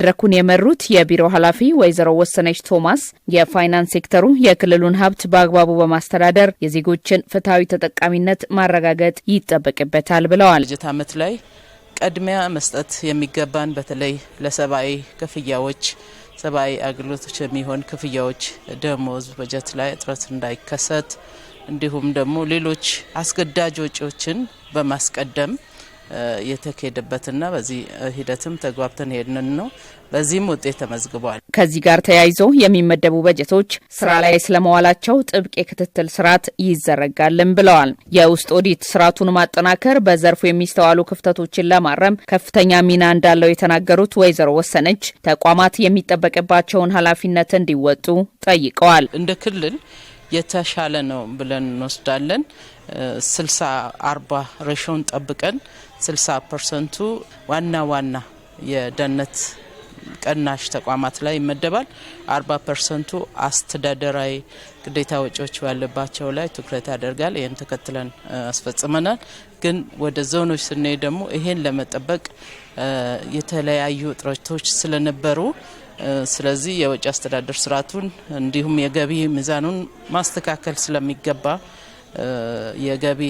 መድረኩን የመሩት የቢሮ ኃላፊ ወይዘሮ ወሰነች ቶማስ የፋይናንስ ሴክተሩ የክልሉን ሀብት በአግባቡ በማስተዳደር የዜጎችን ፍትሐዊ ተጠቃሚነት ማረጋገጥ ይጠበቅበታል ብለዋል። በጀት ዓመት ላይ ቀድሚያ መስጠት የሚገባን በተለይ ለሰብአዊ ክፍያዎች፣ ሰብአዊ አገልግሎቶች የሚሆን ክፍያዎች፣ ደሞዝ በጀት ላይ እጥረት እንዳይከሰት እንዲሁም ደግሞ ሌሎች አስገዳጅ ወጪዎችን በማስቀደም የተካሄደበትና በዚህ ሂደትም ተግባብተን ሄድንን ነው። በዚህም ውጤት ተመዝግቧል። ከዚህ ጋር ተያይዞ የሚመደቡ በጀቶች ስራ ላይ ስለመዋላቸው ጥብቅ የክትትል ስርዓት ይዘረጋልን ብለዋል። የውስጥ ኦዲት ስርዓቱን ማጠናከር በዘርፉ የሚስተዋሉ ክፍተቶችን ለማረም ከፍተኛ ሚና እንዳለው የተናገሩት ወይዘሮ ወሰነች ተቋማት የሚጠበቅባቸውን ኃላፊነት እንዲወጡ ጠይቀዋል። እንደ ክልል የተሻለ ነው ብለን እንወስዳለን። ስልሳ አርባ ሬሾን ጠብቀን 60 ፐርሰንቱ ዋና ዋና የደህንነት ቀናሽ ተቋማት ላይ ይመደባል። 40 ፐርሰንቱ አስተዳደራዊ ግዴታ ወጪዎች ባለባቸው ላይ ትኩረት ያደርጋል። ይህም ተከትለን አስፈጽመናል። ግን ወደ ዞኖች ስንሄድ ደግሞ ይሄን ለመጠበቅ የተለያዩ እጥረቶች ስለነበሩ ስለዚህ የወጪ አስተዳደር ስርዓቱን እንዲሁም የገቢ ሚዛኑን ማስተካከል ስለሚገባ የገቢ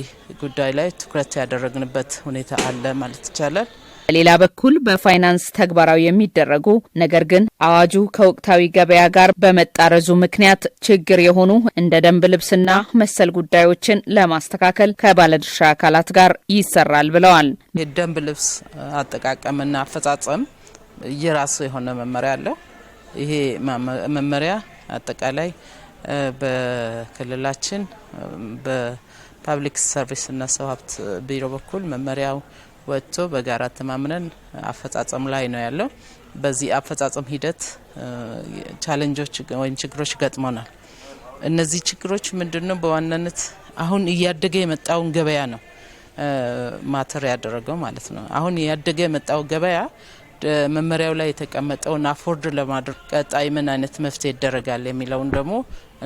ጉዳይ ላይ ትኩረት ያደረግንበት ሁኔታ አለ ማለት ይቻላል። በሌላ በኩል በፋይናንስ ተግባራዊ የሚደረጉ ነገር ግን አዋጁ ከወቅታዊ ገበያ ጋር በመጣረዙ ምክንያት ችግር የሆኑ እንደ ደንብ ልብስና መሰል ጉዳዮችን ለማስተካከል ከባለድርሻ አካላት ጋር ይሰራል ብለዋል። የደንብ ልብስ አጠቃቀምና አፈጻጸም የራሱ የሆነ መመሪያ አለው። ይሄ መመሪያ አጠቃላይ በክልላችን በፓብሊክ ሰርቪስና ሰው ሀብት ቢሮ በኩል መመሪያው ወጥቶ በጋራ ተማምነን አፈጻጸም ላይ ነው ያለው። በዚህ አፈጻጸም ሂደት ቻለንጆች ወይም ችግሮች ገጥመናል። እነዚህ ችግሮች ምንድነው? በዋናነት አሁን እያደገ የመጣውን ገበያ ነው ማተር ያደረገው ማለት ነው። አሁን እያደገ የመጣው ገበያ መመሪያው ላይ የተቀመጠውን አፎርድ ለማድረግ ቀጣይ ምን አይነት መፍትሄ ይደረጋል የሚለውን ደግሞ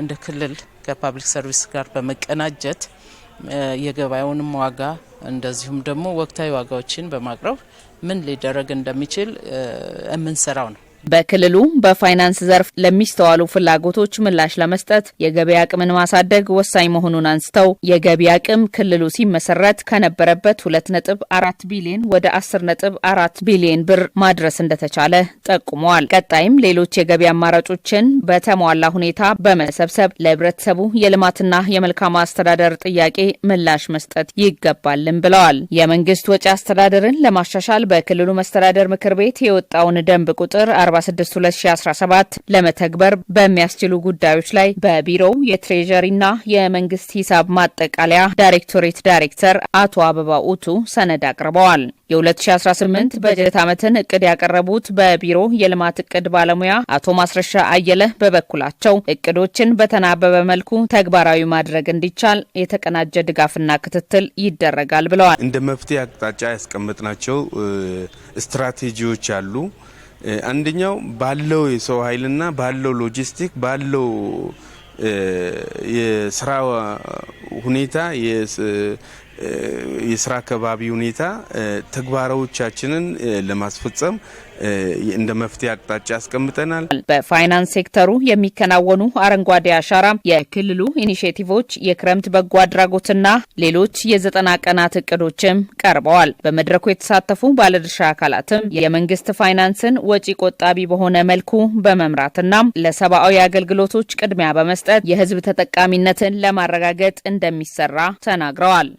እንደ ክልል ከፓብሊክ ሰርቪስ ጋር በመቀናጀት የገበያውንም ዋጋ እንደዚሁም ደግሞ ወቅታዊ ዋጋዎችን በማቅረብ ምን ሊደረግ እንደሚችል የምንሰራው ነው። በክልሉ በፋይናንስ ዘርፍ ለሚስተዋሉ ፍላጎቶች ምላሽ ለመስጠት የገቢ አቅምን ማሳደግ ወሳኝ መሆኑን አንስተው የገቢ አቅም ክልሉ ሲመሰረት ከነበረበት ሁለት ነጥብ አራት ቢሊዮን ወደ አስር ነጥብ አራት ቢሊዮን ብር ማድረስ እንደተቻለ ጠቁመዋል። ቀጣይም ሌሎች የገቢ አማራጮችን በተሟላ ሁኔታ በመሰብሰብ ለህብረተሰቡ የልማትና የመልካም አስተዳደር ጥያቄ ምላሽ መስጠት ይገባልን ብለዋል። የመንግስት ወጪ አስተዳደርን ለማሻሻል በክልሉ መስተዳደር ምክር ቤት የወጣውን ደንብ ቁጥር 76 2017 ለመተግበር በሚያስችሉ ጉዳዮች ላይ በቢሮው የትሬዥሪና የመንግስት ሂሳብ ማጠቃለያ ዳይሬክቶሬት ዳይሬክተር አቶ አበባ ኡቱ ሰነድ አቅርበዋል። የ2018 በጀት ዓመትን እቅድ ያቀረቡት በቢሮ የልማት እቅድ ባለሙያ አቶ ማስረሻ አየለ በበኩላቸው እቅዶችን በተናበበ መልኩ ተግባራዊ ማድረግ እንዲቻል የተቀናጀ ድጋፍና ክትትል ይደረጋል ብለዋል። እንደ መፍትሄ አቅጣጫ ያስቀመጥናቸው ስትራቴጂዎች አሉ። አንደኛው ባለው የሰው ኃይልና ባለው ሎጂስቲክ ባለው የስራ ሁኔታ የስራ አካባቢ ሁኔታ ተግባራዎቻችንን ለማስፈጸም እንደ መፍትሄ አቅጣጫ አስቀምጠናል። በፋይናንስ ሴክተሩ የሚከናወኑ አረንጓዴ አሻራ፣ የክልሉ ኢኒሽቲቮች፣ የክረምት በጎ አድራጎትና ሌሎች የዘጠና ቀናት እቅዶችም ቀርበዋል። በመድረኩ የተሳተፉ ባለድርሻ አካላትም የመንግስት ፋይናንስን ወጪ ቆጣቢ በሆነ መልኩ በመምራትና ለሰብአዊ አገልግሎቶች ቅድሚያ በመስጠት የህዝብ ተጠቃሚነትን ለማረጋገጥ እንደሚሰራ ተናግረዋል።